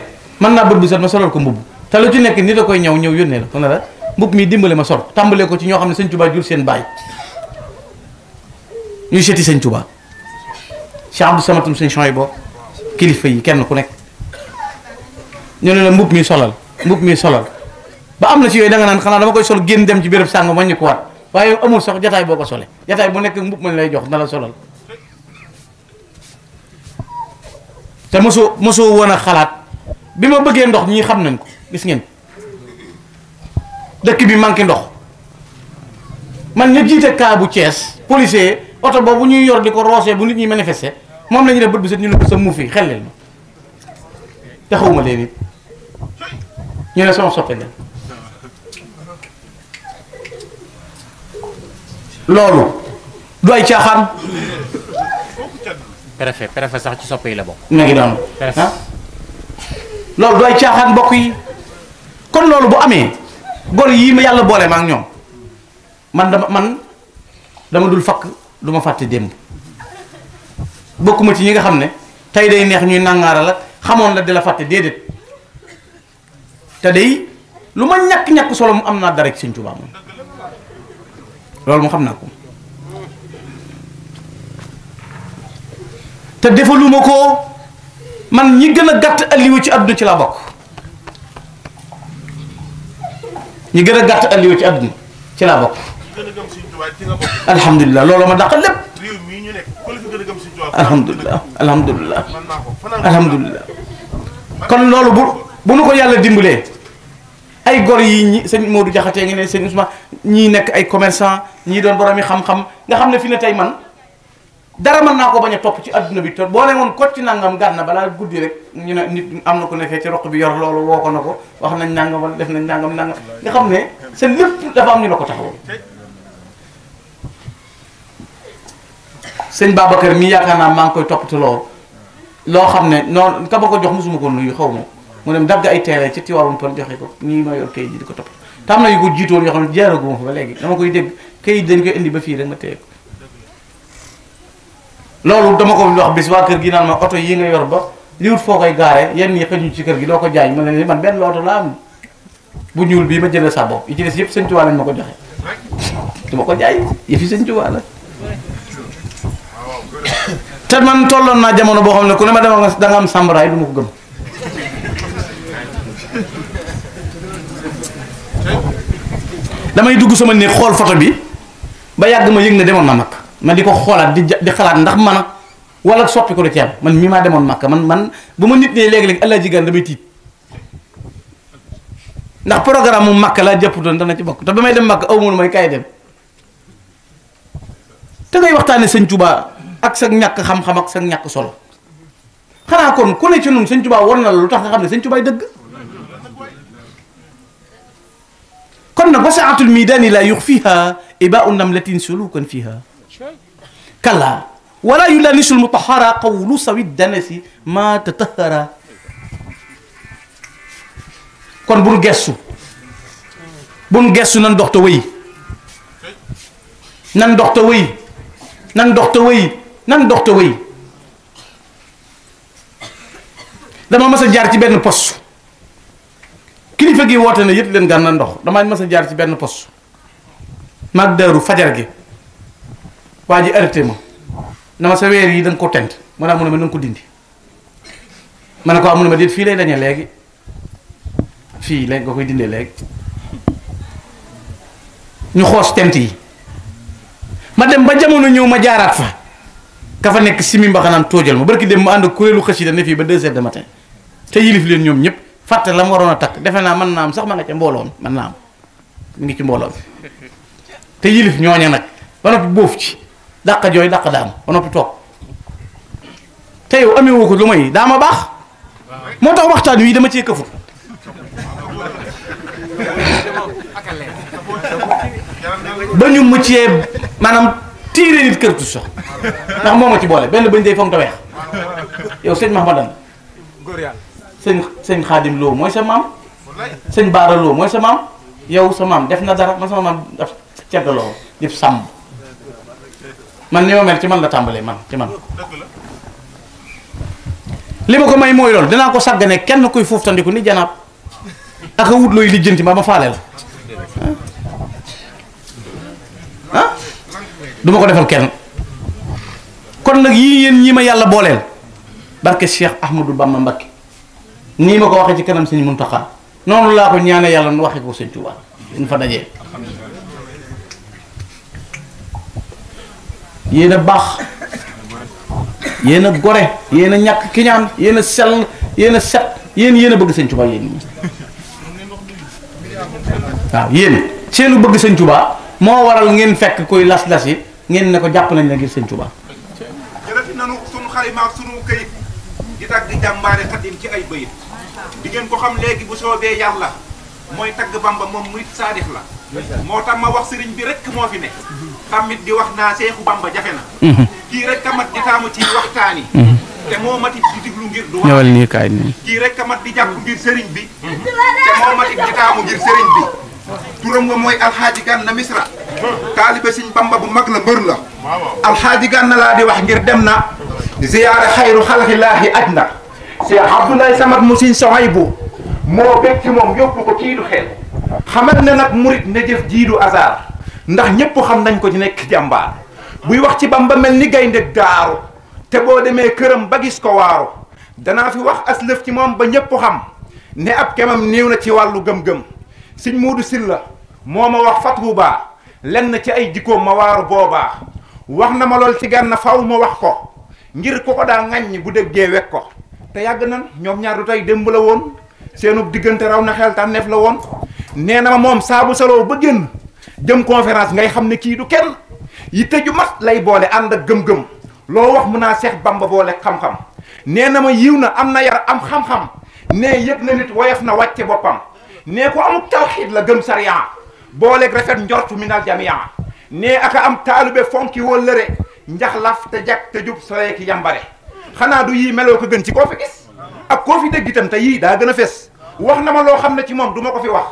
mën naa bët bu set ma solal ko mbubb te lu ci nekk nit a koy ñëw ñëw yónnee la kon la mbubb mii dimbale ma sol tàmbalee ko ci ñoo xam ne sëñ Tuubaa jur seen baay ñuy seeti sëñ Tuubaa Cheikh Abdou Samatum sëñ Chouaïb boo kilifa yi kenn ku nekk ñu ne la mbubb mii solal mbubb mi solal ba am na ci yooyu da nga naan xanaa dama koy sol génn dem ci béréb sàng ma ñu ko war waaye amul sax jataay boo ko sole jataay bu nekk mbub mañ lay jox na la solal te mosoo mosoo woon a xalaat bi ma bëggee ndox ñii xam nañ ko gis ngeen dëkk bi manqué ndox man ña jiite kaa bu Thiès policier oto boobu ñuy yor di ko roosee bu nit ñi manifester moom lañu ñu def bët bi set ñu ne ko sa muuf yi xel leen ma te xawuma leen it ñu ne sama soppe leen loolu du ay caaxaan. préfet préfet sax ci soppe yi la bokk. na ngi doon ah loolu du ay caaxaan mbokk yi kon loolu bu amee gor yii ma yàlla boole ak ñoom man dama man dama dul fakk du ma fàtte démb bokkuma ci ñi nga xam ne tey day neex ñuy nangaara la xamoon la di la fàtte déedéet te day lu ma ñàkk-ñàkk solo mu am naa dara ci Sëñ moom loolu moo xam naa ko te defaluma ko man ñi gën a gàtt alliwu ci àdduna ci laa bokk ñi gën a gàtt alliwu ci àdduna ci laa bokk alhamdulilah loolu ma dàqal lépp alhamdulilah alhamdulilah alhamdulilah kon loolu bu bu nu ko yàlla dimbalee ay gor yi ñi sëñ Modou Jaxate ngi ne sëñ Ousmane ñii nekk ay commercant ñii doon borom yi xam-xam nga xam ne fi ne tey man dara man naa ko bañ a ci adduna bi te boo leen woon ko ci nangam gànna balaa guddi rek ñu ne nit am na ko nekkee ci roq bi yor loolu woo na ko wax nañ nangam wala def nañ nangam nangam nga xam ne sa lépp dafa am ñu la ko taxawoo. sëñ Babacar mii yaakaar naa maa ngi koy toppatoo loo xam ne noonu ka ko jox mosuma ko nuyu xaw ma mu dem dagg ay teelee ci Tiwaawan Pël joxe ko nii ma yor kay ji di ko toppatoo. te am na yu ko jiitoon yoo xam ne jaaraguma fa ba léegi dama koy dégg kayit dañ koy indi ba fii rek ma téye ko loolu dama ko wax bis waa kër gi naan ma oto yi nga yor ba liwut foo koy gaare yenn yi xëñu ci kër gi doo ko jaay ma man benn oto laa bu ñuul bii ma jëlee sa yëpp sëñ Tuubaa ma ko joxe ko jaay yëfi sëñ Tuubaa la te man tolloon naa jamono boo xam ne ku ne ma dama da nga am sàmbaraay du ma ko gëm damay dugg sama néeg xool photo bi ba yàgg ma yëg na demoon na Makka ma di ko xoolaat di ja di xalaat ndax man a wala soppi ko du ci man mii maa demoon Makka man man bu ma nit nee léegi-léegi Alaaji Gana damay tiit ndax programme mu Makka laa jàpputoon dana ci bokk te ba may dem Makka aw moonu may kaay dem te ngay waxtaane sëñ Tuubaa ak sa ñàkk xam-xam ak sa ñàkk solo xanaa kon ku ne ci ñun sëñ Tuubaa war na la lu tax nga xam ne sëñ Tuubaa dëgg kon nag wasaatul miidaani laa yux fiha ibaa u namlatin sulukan fiha kala wala yulanisul mutahara qawlu sawi danasi ma tatahara kon bul gestu bul gestu nan dox ta wëy nan dox ta wëy nan dox ta wëy nan dox ta wëy dama mas a jaar ci benn poste kilifa gi woote na yëpp leen gànna ndox damaa mas a jaar ci benn poste maag daaru fajar gi waa ji arrêté ma na ma sa weer yi da ko tent ma ne mu ma ko dindi ma ne ko ah mu ma déet fii lay dañee léegi fii léegi nga koy dindee léegi ñu xoos tent yi ma dem ba jamono ñëw ma jaaraat fa ka fa nekk simi mbaxanaam toojal ma barki dem ma ànd kuréelu xasida ne fii ba deux heures de te yilif leen ñoom ñëpp fàtte la mu waroon a takk defe naa mën naa am sax ma nga ca mbooloo mi mën mu ngi ci mbooloo mi te yilif ñooña nag ba noppi bóof ci dàq jooy dàq daam ba noppi toog te yow amewoo ko lu may daa ma baax moo tax waxtaan wi dama cee këfut maanaam tiire nit kër tuuti sax ndax moo ma ci boole benn bañ day fonk te weex yow sëñ Mahamadan góor sëñ sëñ xaadim loo mooy sa maam sëñ baara mooy sa maam yow sa maam def na dara man sama maam daf ceddaloo man ni ma mel ci man la tàmbalee man ci man li ma ko may mooy loolu dinaa ko sàggane kenn koy fuuf tandiku ni janaab ak wut looy lijjanti ma ma faale la ah ko defal kenn kon nag yii yéen ñi ma yàlla booleel barke Cheikh Ahmadou Bamba Mbacké nii ma ko waxee ci kanam sëñ Muntaxa noonu laa ko ñaane yàlla nu waxee ko sëñ Tuubaa ñu fa dajee yéen a baax yéen a gore yéen a ñàkk kiñaan yéen a sell yéen a set yéen yéen a bëgg sëñ Tuubaa yéen waaw yéen seenu bëgg sëñ Tuubaa moo waral ngeen fekk koy las-las yi ngeen ne ko jàpp nañ la ngir sëñ Tuubaa di ngeen ko xam léegi bu soobee yàlla mooy tagg bamba moom muy saadix la moo tax ma wax sëriñ bi rek moo fi nekk tamit di wax naa seexu bamba jafe na mhm. kii rek kamat di taamu ci waxtaan yi mhm. te moo matit di diglu ngir du sëriñ bi mhm. te bi turam nga mooy alxaaji Gana Misra taalibe sëriñ bamba bu mag la mbër la alxaaji Gana laa di wax ngir dem na ziyaare xayru xalqilaahi aj na Cheikh Abdoulaye Samad mu siñ Sohaybu moo bég ci moom yóbbu ko kii du xel xamal ne nag murit ne jëf jiidu hasard ndax ñëpp xam nañ ko ci nekk jàmbaar buy wax ci bam ba mel ni gaynde daaru te boo demee këram ba gis ko waaru danaa fi wax as ci moom ba ñëpp xam ne ab kemam néew na ci wàllu gëm-gëm sëñ Muudu la moo ma wax fat fatu baa lenn ci ay jikkoom ma waaru boobaa wax na ma lool ci gànna faw ma wax ko ngir ku ko daa ŋaññi bu déggee ko te yàgg nan ñoom ñaar du tey démb la woon seenu diggante raw na xel tànneef la woon nee na ma moom saabu saloo ba génn jëm conférence ngay xam ne kii du kenn yitte ju mat lay boole ànd ak gëm-gëm loo wax mu naa seex bamba boole xam-xam nee na ma yiw na am na yar am xam-xam nee yëg na nit woyof na wàcce boppam nee ko amuk tawxiid la gën sariya booleeg rafet njortu minal jamiya nee aka am taalube fonki njax njaxlaf te jag te jub ki yambare xanaa du yii meloo ko gën ci koo fi gis ak koo fi dégg itam te yii daa gën a fees wax na ma loo xam ne ci moom du ma ko fi wax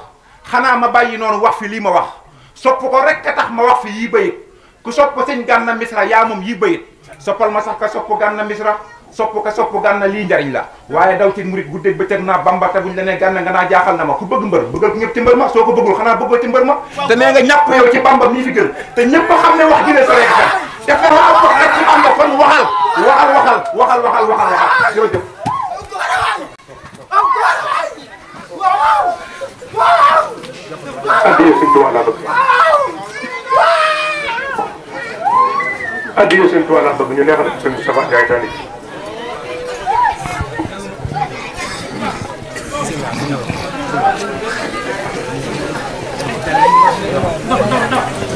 xanaa ma bàyyi noonu wax fi lii ma wax sopp ko rek a tax ma wax fi yii bayit ku sopp sëñ Gana Mesra yaa moom yii bayit soppal ma sax ka sopp Gana Mesra sopp ka sopp Gana lii njariñ la waaye daw ci murit guddeeg bëccëg naa bamba te buñ la nee Gana nga naa jaaxal na ma ku bëgg mbër bëggal ko ñëpp ci mbër ma soo ko bëggul xanaa bëggoo ci mbër ma te nee nga ñàpp yow ci bamba mii fi wax dafa am wax rek ci am kon waxal waxal waxal waxal waxal waxal waxal jërëjëf. adieu sëñ Tuubaa laa bëgg. adieu sëñ Tuubaa laa bëgg ñu neexal sëñ Moustapha Ndiaye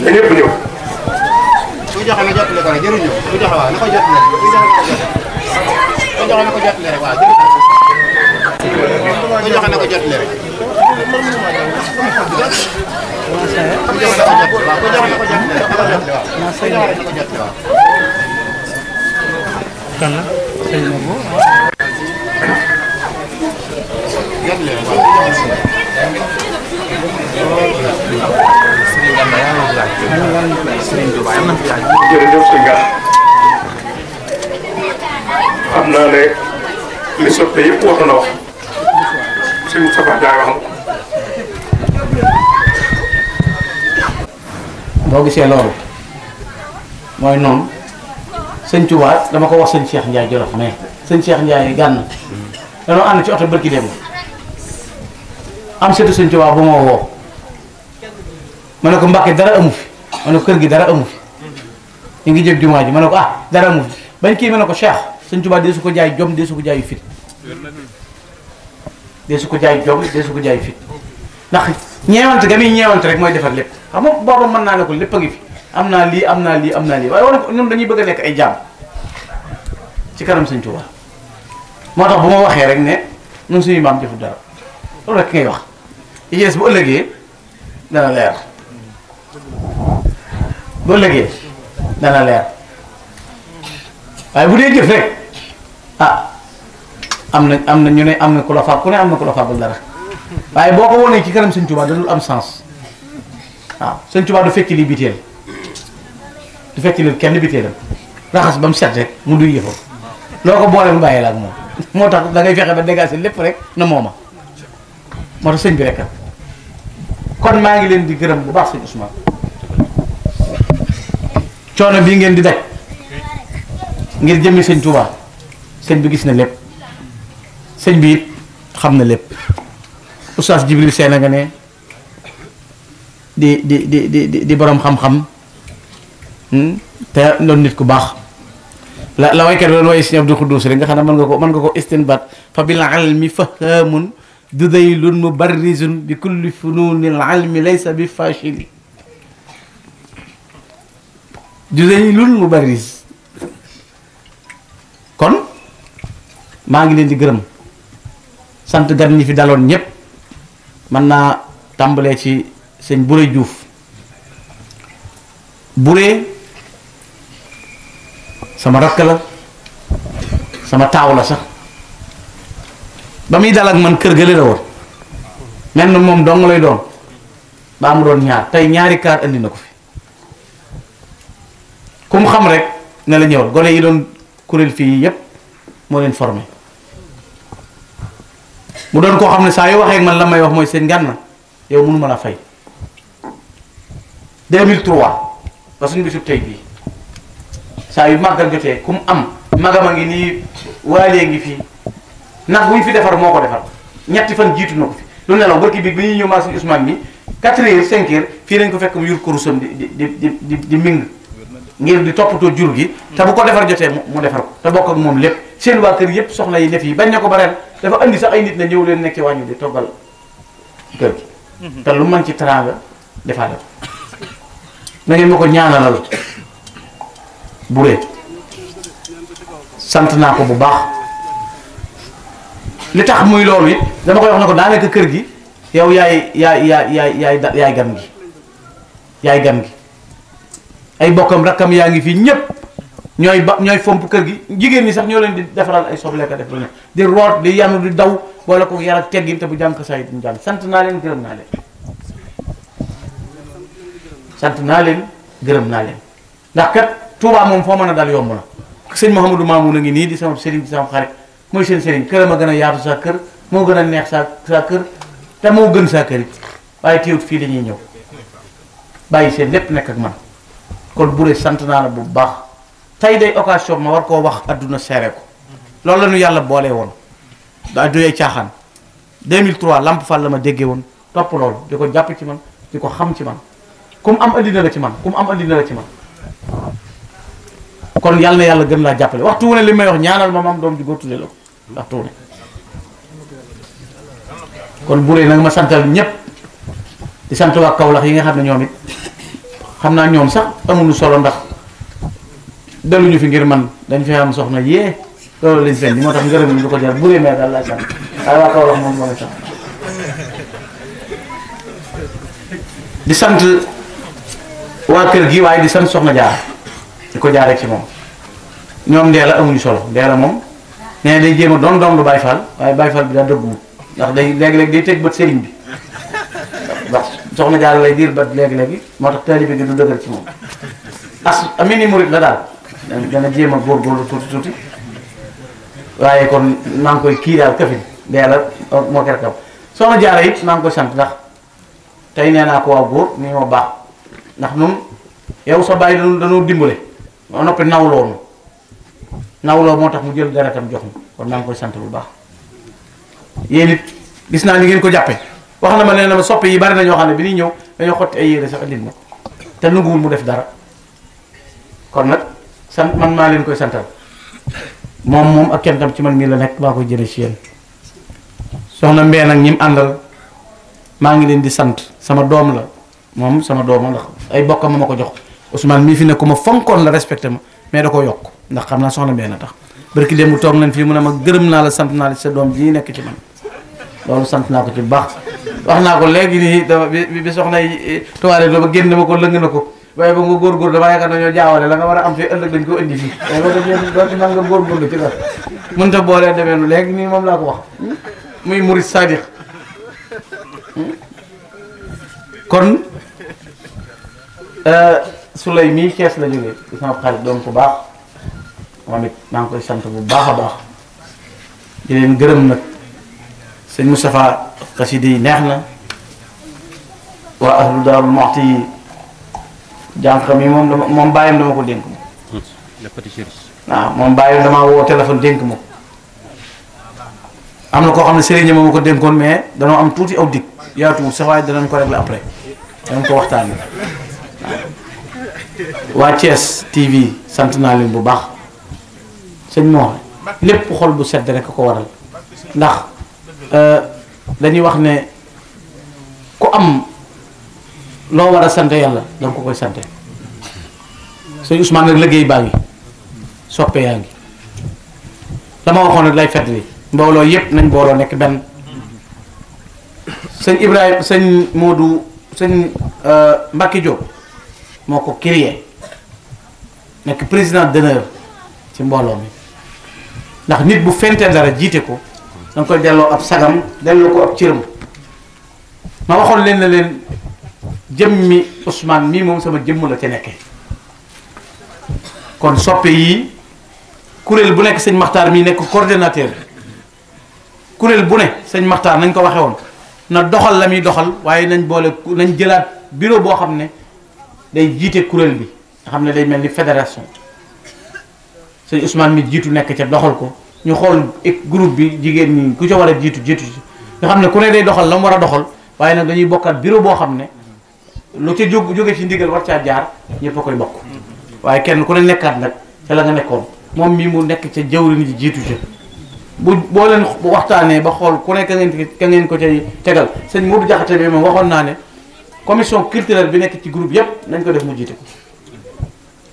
tani ñëpp ñëw. joxe ma jotale ko rek jëriñu ku joxe waaw na ko jotale rek ku joxe na ko jotale rek waaw jëriñu ku joxe na ko jotale rek. ku joxe na ko jotale waaw ku joxe na ko jotale rek na ko jotale waaw ku joxe na ko jotale waaw. kan la sëñ Mabo. jotale waaw. jërëjëf si nga xam naa gisee loolu mooy noonu sëñ Touba dama ko wax sëñ Cheikh Ndiaye Jolof mais sëñ Cheikh Ndiaye gànn danoo ànd ci oto bërki dem am seetu sëñ Touba bu ma woo ma ne ko Mbàkke dara amu fi ma ne ko kër gi dara amu fi ñu ngi jëg jumaa ji ma ne ko ah dara amu fi bañ kii ma ne ko Cheikh Sëñ Tuubaa dee su ko jaay jom dee su ko jaay fit dee su ko jaay jom dee ko jaay fit ndax ñeewante ga muy ñeewante rek mooy defar lépp xam nga booba mën naa ne ko lépp a ngi fi am naa lii am naa lii am naa lii waaye wane ko ñoom dañuy bëgg a nekk ay jaam ci kanam Sëñ Tuubaa moo tax bu ma waxee rek ne ñun suñu maam jëfu dara loolu rek ngay wax yi bu ëllëgee dana leer boo légee dana leer waaye bu dee jëf rek ah am na am na ñu ne am na ku ku ne am na ku la fabal dara waaye boo ko wonee ci kanam sëñ Tuubaa dadul am sens waaw sëñ Tuubaa du fekk lii biteel du fekk lii kenn biteelam raxas ba mu set rek mu duy yëfam loo ko boole mu bàyyi la moom moo tax da fexe ba dégager lépp rek na mooma moo tax sëñ bi rek kon maa ngi leen di gërëm bu baax sëñ Ousmane coono bii ngeen di daj ngir jëmmi sëñ Touba sëñ bi gis na lépp sëñ bi xam na lépp oustaz Jibril seen a nga ne di di di di di borom xam-xam hmm? te loolu nit ku baax la la waykat loolu way sëñ Abdou Khoudous rek nga xam ne mën nga ko mën nga ko istinbat fa bil almi fahamun dudaylun mubarrizun bi kulli fununi al almi bi fashili juzeylul mubarris kon maa ngi leen di gërëm sant gan ñi fi daloon ñëpp man naa tàmbalee ci seen Bure juuf Bure sama rakk la sama taaw la sax ba muy dal ak man kër gële la woon mel na moom dong lay doon ba amuloon ñaar tey ñaari kaar indi na ko fi ku mu xam rek ne la ñëwal gone yi doon kuréel fii yépp moo leen formé mu doon koo xam ne saa yu waxee man la may wax mooy seen gànna yow mënu ma la fay 2003 ba suñu bisub tey bii saa yu màggal jotee ku mu am magama ngi nii waalee ngi fii ndax buñ fi defar moo ko defar ñetti fan jiitu na ko fi lu nelaw barki bi bi ñuy ñëw maa suñu Ousmane bi 4 heures fii lañ ko fekk mu yur kurusam di di di di di ming ngir di toppatoo jur gi te bu ko defar jotee mu defar ko te bokk ak moom lépp seen waa kër yëpp soxna yi ne yi bañ ne ko ba ren dafa andi sax ay nit na ñëw leen nekk ci wàññi di toggal kër gi mhm. te lu mën ci teraanga defaale ko na ngeen ma ko ñaanalal bu ree sant naa ko bu baax li tax muy loolu it dama koy wax ne ko daanaka kër gi yow yaay yaay yaay yaay yaay gan gi yaay gan gi ay bokkam rakkam yaa ngi fii ñëpp ñooy ba ñooy fomp kër gi jigéen ñi sax ñoo leen di defaral ay soble ka def lu ne di root di yanu di daw boole ko yar ak teggin te bu jàng saa yi duñ sant naa leen gërëm naa naa leen gërëm naa leen ndax kat Touba mën a dal yomb na sëñ Mouhamadou a ngi nii di sama sëriñ di sama xarit gën a yaatu sa kër moo gën a neex sa sa kër te moo gën sa kër it waaye téewut fii dañuy ñëw bàyyi seen lépp nekk ak man kon Bouré sant naa la bu baax tey day occasion ma war koo wax adduna seere ko loolu la yàlla boole woon daa doyee caaxaan 2003 Lamp Fall la ma déggee woon topp loolu di ko jàpp ci man di ko xam ci man ku mu am andi la ci man ku am andi na ci man kon yàlla na yàlla gën laa jàppale waxtu wu ne li may wax ñaanal ma maam doom ji tuddee la ko waxtu wu ne kon Bouré nag ma santal ñëpp di sant waa Kaolack yi nga xam ne ñoom it xam naa ñoom sax amuñu solo ndax daluñu fi ngir man dañ fi am soxna yee loolu lañ seen di moo tax ngërëm lu ko jar bu réemee daal laa sant waaye waa Kaolack moom moo sax di sant waa kër gi waaye di sant soxna jaar di ko jaaree ci moom ñoom la amuñu solo ndeela moom nee day jéem a doon doom lu Baay Faal waaye Baay Faal bi daa dëggu ndax day léeg-léeg day teg bët sëriñ bi soxna jaar lay diir ba léegi-léegi moo tax taalibe gi du dëgër ci moom as amini murit la daal dana jéem a góorgóorlu tuuti tuuti waaye kon maa koy kii daal kafin de yàlla moo ker kaw soxna jaara it maa koy sant ndax tey nee naa ko waaw góor nii moo baax ndax nun yow sa bàyyi dañu dañoo dimbale ba noppi nawloonu nawloo moo tax mu jël dara tam jox mu kon maa koy sant bu baax yéen it gis naa ni ngeen ko jàppe wax na ma nee na ma soppe yi bari nañoo xam ne bi ñuy ñëw dañoo xotti ay yére sax indil ma te nanguwul mu def dara kon nag sant man maa leen koy santal moom moom ak kenn tam ci man mii la nekk maa koy jëlee si soxna Mbee nag ñi mu maa ngi leen di sant sama doom la moom sama doom ndax ay bokkam ma ko jox Ousmane mii fi ne ku ma fonkoon la respecté ma mais da ko yokk ndax xam naa soxna Mbee na tax barki démb toog nañ fii mu a ma gërëm naa la sant naa la sa doom ji nekk ci man. loolu sant naa ko ci bu baax wax naa ko léegi nii dama bi bi soxna yi eh, tuwaale ba génn ma ko lëng na ko waaye ba nga góorgóor damaa yaakaar nañoo jaawale la nga war a am fii ëllëg dañ ko indi fii waaye ba dañoo doon ci nga góorgóorlu ci mën ta boolee demee nu léegi nii moom laa ko wax muy murid sadiq kon euh, Souley mii Cees la jógee di sama xarit doon ko baax moom it maa koy sant bu baax a baax di leen gërëm nag sëñ Moustapha xaside yi neex na waa ahlu daarul moxti yi jànqam yi moom dama moom bàyyam dama ko dénk ma waaw moom bàyyam damaa woo téléphone dénk ma ko am na koo xam ne sëriñ ma ma ko dénkoon mais danoo am tuuti aw dig yaatuwul sax waaye danañ ko régler après danañ ko waxtaan waaw waa Thiès TV sant naa leen bu baax sëñ moo lépp xol bu sedd rek ko waral ndax Euh, dañuy wax ne ku am loo war a sant yàlla danga ko koy sante sëñ Ousmane nag liggéey baa ngi soppe yaa ngi dama waxoon lay fedd li mbooloo yépp nañ booloo nekk benn sëñ Ibrahima sëñ Modou sëñ euh, Mbacke Diop moo ko créé nekk président d'honneur ci mbooloo mi ndax nit bu fentee dara jiite ko da koy delloo ab sagam delloo ko ab cëram ma waxoon leen na leen jëmmi Ousmane mii moom sama jëmm la ca nekkee kon soppe yii kuréel bu nekk sëñ Maxtaar mii nekk coordonnateur kuréel bu ne sëñ Maxtaar nañ ko waxe woon na doxal la muy doxal waaye nañ boole nañ jëlaat bureau boo xam ne day jiite kuréel bi nga xam ne day mel ni fédération sëñ Ousmane mi jiitu nekk ca doxal ko ñu xool groupe bi jigéen ñi ku ca war a jiitu jiitu ci nga xam ne ku ne day doxal la mu war a doxal waaye nag dañuy bokkaat bureau boo xam ne lu ca jóg jóge ci ndigal war caa jaar ñëpp a koy bokk waaye kenn ku ne nekkaat nag ca la nga nekkoon moom mii mu nekk ci ca jawrin ji jiitu ca bu boo leen waxtaanee ba xool ku ne ka ngeen ka ngeen ko cay tegal sëñ Modou Diakhaté bi moom waxoon naa ne commission culturelle bi nekk ci groupe yëpp nañ ko def mu jiite ko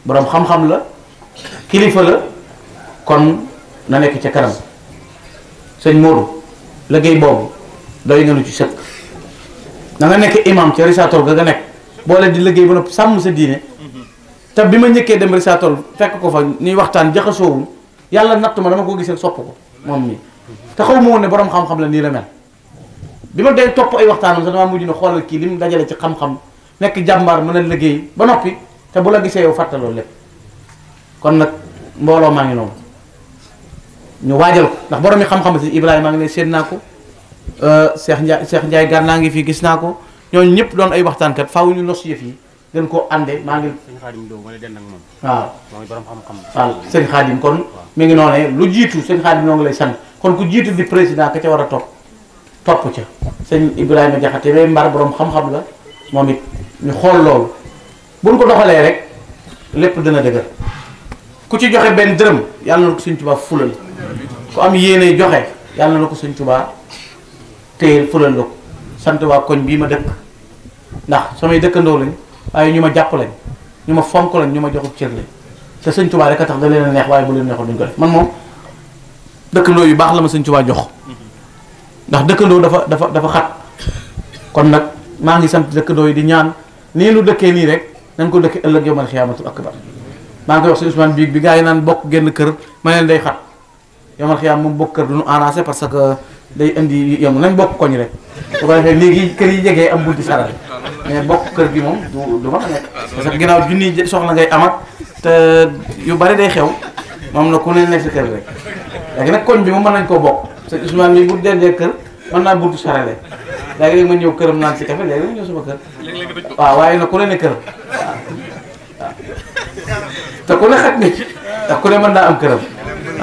borom xam-xam la na nekk ca kanam sëñ Modou liggéey boobu doy nga nu ci sëkk na nekk imam ca Richard-Toll ga nga nekk boole di liggéey ba noppi sàmm sa diine te bi ma njëkkee dem Richard-Toll fekk ko fa ñuy waxtaan jaxasoowul yàlla natt ma dama ko gisee sopp ko moom nii te xaw ma woon ne boroom xam-xam la nii la mel bi ma dee topp ay waxtaanam sax damaa mujj na xoolal kii li mu dajale ci xam-xam nekk jàmbaar mën a liggéey ba noppi te bu la gisee yow fàttaloo lépp kon nag mbooloo maa ngi ñu waajal ko ndax borom mi xam-xam si Ibrahima ngi ne seen naa ko euh, Cheikh Ndiaye Cheikh Ndiaye gar naa ngi fii gis naa ko ñooñu ñëpp doon ay waxtaankat faw ñu nos yëf yi gën koo ànde maa ngi. sëñ wala den moom. waaw mooy borom xam-xam. waaw sëñ Xaadim kon mi ngi noonee lu jiitu sëñ Xaadim ñoo ngi lay sant kon ku jiitu di président ka ca war a topp topp ca sëñ Ibrahima Jaxate ba mbar boroom xam-xam la moom it ñu xool loolu buñ ko doxalee rek lépp dina dëgër. ku ci joxe benn dërëm yàlla na ko sëñ Tuubaa fulal ku am yéene joxe yàlla na ko sëñ Tuubaa téyel fulal la sant waa koñ bii ma dëkk ndax samay dëkkandoo lañ waaye ñu ma jàpp lañ ñu ma fonk lañ ñu ma joxu cër lañ te sëñ Tuubaa rek a tax da leen a neex waaye bu leen neexoon duñ ko def man moom dëkkandoo yu baax la ma sëñ Tuubaa jox ndax dëkkandoo dafa dafa dafa xat kon nag maa ngi sant dëkkandoo yi di ñaan nii lu dëkkee nii rek nañ ko dëkkee ëllëg yomal xiyaamatul akbar maa ngi koy wax si Ousmane bi bi gars naan bokk génn kër ma leen day xat yomal xiyaam moom bokk kër du ñu arrangé parce que day indi yom nañ bokk koñ rek bu ko léegi kër yi jegee am bunti saral mais bokk kër gi moom du du ma nekk parce que ngay amat te bari day xew moom na ku ne nekk si kër rek léegi koñ bi moom man nañ koo bokk parce que Ousmane bi bu dendee kër mën naa buntu sarale léegi-léegi ma ñëw këram naan si café léegi-léegi ñëw sama kër waaw waaye nag ku ne ne kër te ku ne xaj na ci ndax ku ne mën naa am këram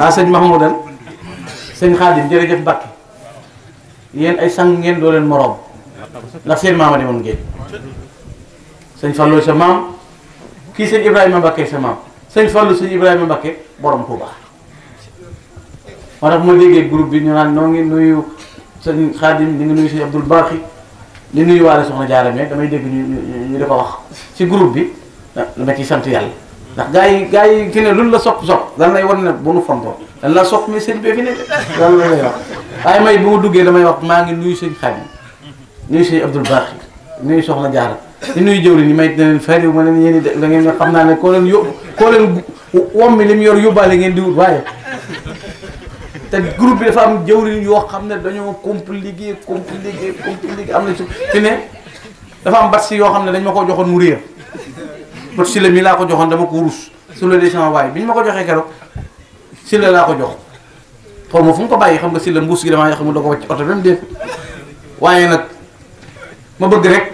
ah sëñ Mahmoudan sëñ Xaadim jërëjëf Mbàkke yéen ay sang ngeen doo leen moroom ndax seen maama demoon ngeen sëñ Fallou sa maam kii sëñ Ibrahima Mbàkke sa maam sëñ Fallou sëñ Ibrahima Mbàkke borom ko moo tax moo déggee groupe bi ñu naan noo ngi nuyu sëñ Xaadim di nga nuyu sëñ Abdul Baaxi di nuyu waale soxna Jaara mais damay dégg ñu ñu di ko wax ci groupe bi dama ciy sant yàlla ndax gars yi gars yi fi ne luñ la sopp sopp dan lay wan ne bu nu fontoo dan la sopp mais sëñ bee fi ne dan la lay wax waaye may bu ma damay wax maa ngi nuyu sëñ Xaadim nuyu sëñ Abdul Baaxi nuyu soxna Jaara di nuyu jëwriñ ñi may leen fari ma leen yéen da ngeen nga xam naa ne koo leen yó li mu yor yóbbaale ngeen di wut groupe bi dafa am jëwriñ yoo xam ne dañoo compliqué compliqué compliqué am na ci fi ne dafa am bat yoo xam ne dañ ma ko joxoon mu réer pot si la mi laa ko joxoon dama ko ruus su la dee sama waay bi ñu ma ko joxee keroog si la laa ko jox xaw ma fu mu ko bàyyi xam nga si la mbuus gi damaa xam nga da ko wàcc oto même déet waaye nag ma bëgg rek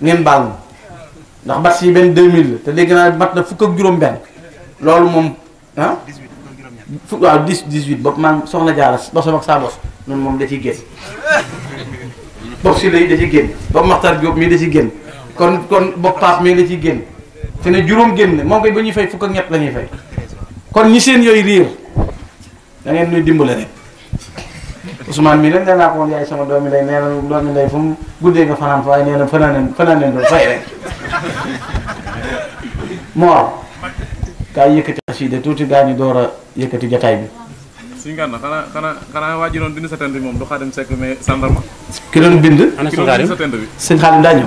ngeen baal ma ndax bat si benn 2000 la te dégg naa mat na fukk ak juróom-benn loolu moom ah. fu waaw dix dix-huit bopp maam soxna jaara bosam ak saa bos noonu moom da ciy génn bopp si lay da ciy génn bopp maxtar jóob mii da ciy génn kon kon bopp génn te juróom juróom ne moom koy ba ñuy fay fukk ak ñett la ñuy fay kon ñi seen yooyu riir da ngeen nuy dimbale rek Ousmane mii nag nee naa ko woon yaay sama doomi lay nee na doomi lay fu mu guddee nga fanaan fa waaye nee na fanaan fanaan leen doon fay rek moo kaay yëkkati xasida tuuti gaa ñu door a yëkkati jataay bi suñu gànna xanaa xanaa xanaa waa doon bind sa tent bi moom du Xaadim Seck mais sandarma. ki doon bind. ana sëñ Xaadim sa tent bi. sëñ Xaadim daa ñëw.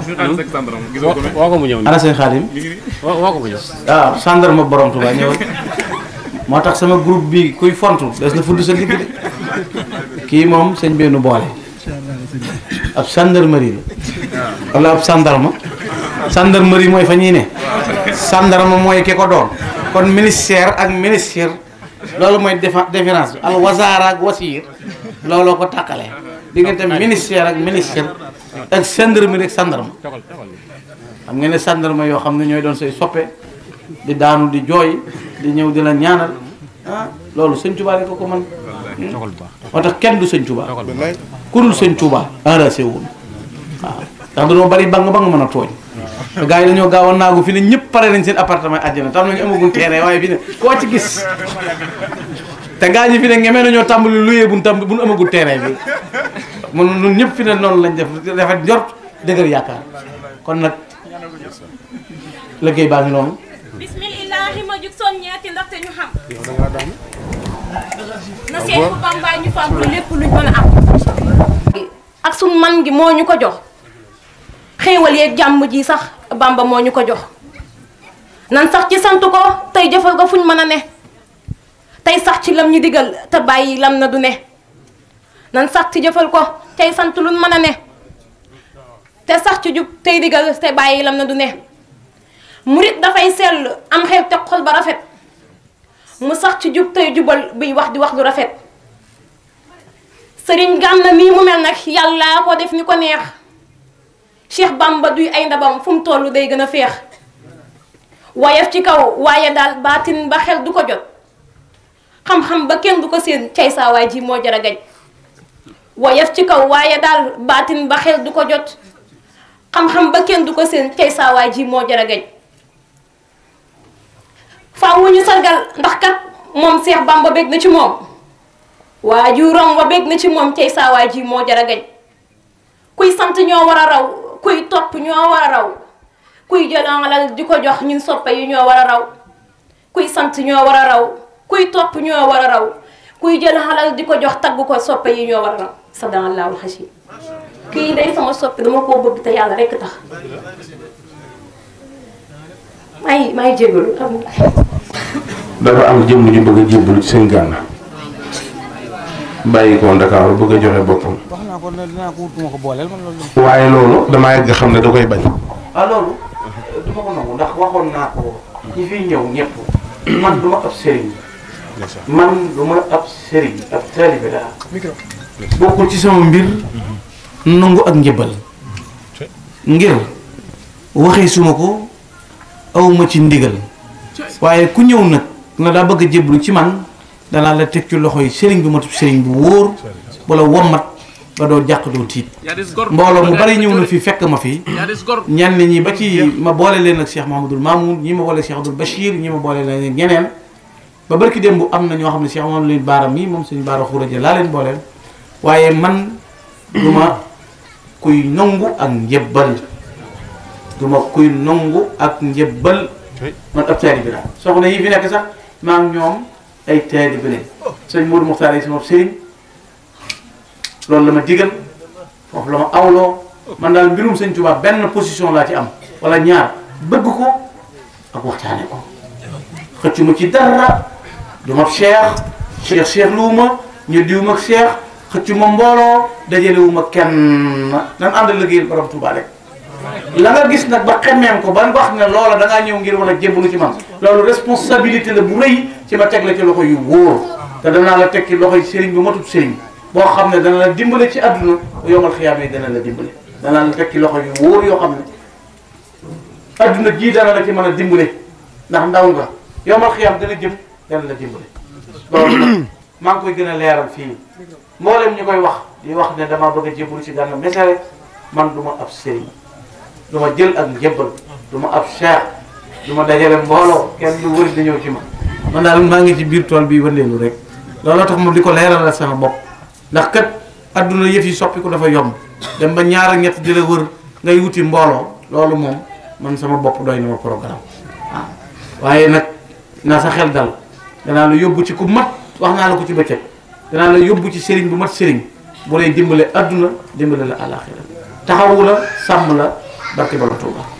gisoo ko waaw ah, sandarma borom Tuubaa ñëw moo tax sama groupe bi kuy font des na fudd sa ligg de kii moom sëñ bennu boole. ab gendarmerie la. wala ab sandarma. gendarmerie mooy fa ñuy ne. sandarma mooy ki ko doon. kon ministère ak ministère. loolu mooy différence bi al wasaara ak wasiir looloo ko tàqalee diggante ministère ak ministre ak gendarme rek gendarme xam nga ne gendarme yoo xam ne ñooy doon say soppe di daanu di jooy di ñëw di la ñaanal ah loolu sëñ Tuubaa rek ko mën hmm? moo tax kenn du sëñ Tuubaa ku dul sëñ Tuubaa enracé woon waaw ndax dañoo bari bang bang mën a tooñ te gars yi dañoo gaaw a naagu fi ne ñëpp pare nañ seen appartement àjjana tam nañu amagul terrain waaye fi ne koo ci gis te gaa ñi fi ne ñeme nañoo tàmbali luyee bu ñu tàmbali bu ñu amagul terrain bi mun ñun ñëpp fi noonu lañ def rafet njort dëgër yaakaar kon nag liggéey baa ngi noonu. bismillah ma jug son ñeeti ndaxte ñu xam. na ah seet bu ñu fàggu lépp luñ mën a am. ak su man gi moo ñu ko jox xéewal yeeg jàmm ji sax bàmba moo ñu ko jox nan sax ci sant ko tey jëfal ko fuñ mën a ne. tey sax ci lam ñu digal te bàyyi lam na du ne nan sax ci jëfal ko tey sant lu mën a ne te sax ci jub tey digal te bàyyi lam na du ne murit dafay sell am xel te xol ba rafet mu sax ci jub tey jubal buy wax di wax lu rafet sëriñ Gana nii mu mel nag yàlla ko def ni ko neex Cheikh Bamba duy ay ndabam fu mu toll day gën a féex woyof ci kaw waaye daal baatin ba xel du ko jot xam-xam ba kenn du ko seen cay saa waay ji moo jar a gañ woyof ci kaw waaye daal baatin ba xel du ko jot xam-xam ba kenn du ko seen cay saa jii moo jar a gañ faaw wu ñu sargal ndax kat ci moom waajuram wa bég na ci moom cay saa waay moo jar gañ kuy sant ñoo war a raw kuy topp ñoo war a raw kuy jël alal di ko jox ñun soppe yu ñoo war a raw kuy sant ñoo war a raw kuy topp ñoo war a raw kuy jël xalal di ko jox tagg ko soppe yi ñoo war a raw sa daan laaw xasi kii day sama soppe dama koo bëgg te yàlla rekk tax maa ngi maa dafa am jëmm ju bëgg a jébbalu ci seen gànna bàyyi ko Ndakaaru bëgg a joxe boppam. wax naa ko ne dinaa ko wut ma ko booleel man loolu. waaye loolu damaa yàgg xam ne da koy bañ. ah loolu. du ko nangu ndax waxoon naa ko. ñi fiy ñëw ñëpp. man du ab sëriñ. man du ma ab sëriñ ci sama mbir nangu ak njëbal ngir waxee suma ko awma ci ndigal waaye ku ñëw nag na daa bëgg a jéblu ci man danaa la teg ci loxo yi sëriñ bi matub sëriñ bu wóor wala wommat ba doo jàq doo tiit mbooloo mu bari ñëw na fi fekk ma fi ñenn ñi ba ci ma boole leen ak seex Mahamadul Mamoun ñi ma boole Cheikh Abdoul Bachir ñi ma boole leen ñeneen ba barki démb am na ñoo xam ne si moom leen baaram yi moom suñu baara xuraja laa leen booleel waaye man du kuy nangu ak njëbbal du kuy nangu ak njëbbal man ab taalibe laa soxna yi fi nekk sax maa ñoom ay taalibe lañ sëñ Mourou Mokhtar yi sama sëriñ loolu la ma digal foofu la ma awloo man daal mbirum sëñ Tuubaa benn position laa ci am wala ñaar bëgg ko ak waxtaane ko xëccu ci dara du mag cheikh cheikh cheikh luuma ñu diw mag cheikh xëccu ma mbooloo dajalewu ma kenn nan ànd liggéeyal borom Tuuba rek la nga gis nag ba xemmeem ko ban wax ne loola da ñëw ngir war a nga ci man loolu responsabilité la bu rëy ci ma teg la ci loxo yu wóor te danaa la teg loxo yi sëriñ bu matut sëriñ boo xam ne dana la dimbale ci àdduna yomal xiyaam yi dana la dimbale danaa la loxo yu wóor yoo xam ne àdduna jii dana la ci mën a dimbale ndax ndaw nga yomal xiyaam dana jëm yàlla la dimbali maa ngi koy gën a leeral fii mboolem ñu koy wax di wax ne damaa bëgg a jébbalu ci Gana Messere man du ma ab sëriñ du jël ak njébbal du ma ab cheikh du ma dajale mbooloo kenn du wëri da ñëw ci ma man daal maa ngi ci biir tool bi wëndeelu rek looloo tax moom di ko leeralal sama bopp ndax kat àdduna yëf yi soppiku dafa yomb dem ba ñaar ak ñett di la wër ngay wuti mbooloo loolu moom man sama bopp doy na ma programme waaye nag naa sa xel dal danaa la yóbbu ci ku mat wax naa la ko ci bëccëg danaa la yóbbu ci sëriñ bu mat sëriñ bu lay dimbale àdduna dimbale la àllaaxira taxawu la sàmm la barke bala Tuuba